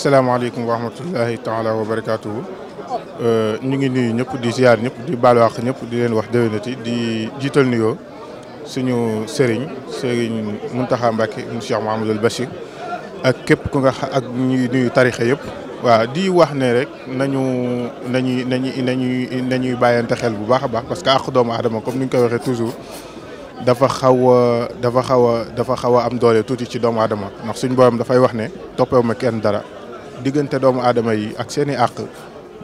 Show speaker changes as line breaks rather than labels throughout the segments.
salaamaaleykum wa rahmatullahi taala wa barakaatuhu euh, ñu ngi nuyu ñëpp di ziar ñëpp di baalu àq ñëpp di leen wax déwénati di jiital nuyoo suñu sëriñ sëriñ Muntaxa Mbàkke mu Cheikh Mahamadul Bachir ak képp ku nga ak ñuy nuyu tarixa yëpp. waa di wax ne rek nañu nañuy nañuy nañuy nañuy bàyyante xel bu baax a baax parce que àq doomu aadama comme ni ñu koy waxee toujours. dafa xaw dafa xaw a dafa xaw a am doole tuuti ci doomu aadama ndax suñ borom dafay wax ne toppewu ma kenn dara diggante doomu aadama yi ak seen i àq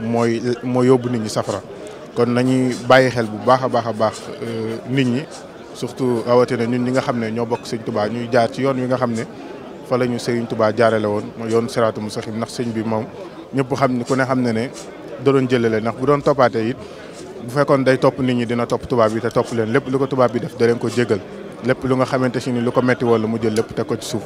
mooy moo yóbbu nit ñi safara kon nañuy bàyyi xel bu baax a baax a baax euh, nit ñi surtout rawatina ñun ñi nga xam ne ñoo bokk sëñ Tuubaa ñuy jaar ci yoon wi nga xam ne fa la ñu sëriñ Tuubaa jaarale woon yoon siraatu mustaqiim ndax sëñ bi moom ñëpp xam ne ku ne xam ne ne da doon jëlale ndax bu doon toppaatee it bu fekkoon day topp nit ñi dina topp tubaab bi te topp leen lépp lu ko tubaab bi def da leen ko jégal lépp lu nga xamante si ni lu ko metti wala mu jël lépp teg ko ci suuf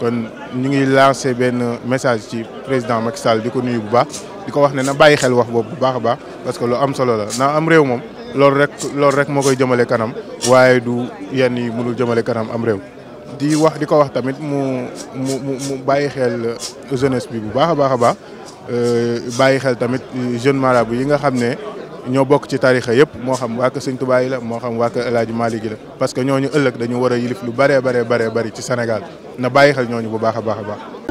kon ñu ngi lancé benn message ci président Macky Sall di ko nuyu bu baax di ko wax ne na bàyyi xel wax boobu bu baax a baax parce que lu am solo la na am réew moom loolu rek loolu rek moo koy jëmale kanam waaye du yenn yi mënul jamale kanam am réew. di wax di ko wax tamit mu mu mu mu bàyyi xel jeunesse bi bu baax a baax a baax euh, bàyyi xel tamit jeune marabout yi nga xam ne. ñoo bokk ci tarixa yëpp moo xam waa kër Sëñ Tuubaa yi la moo xam waa kër El Hadj Malick la parce que ñooñu ëllëg dañu war a yilif lu bëree baree baree bëri ci Sénégal na bàyyi xel ñooñu bu baax a baax a baax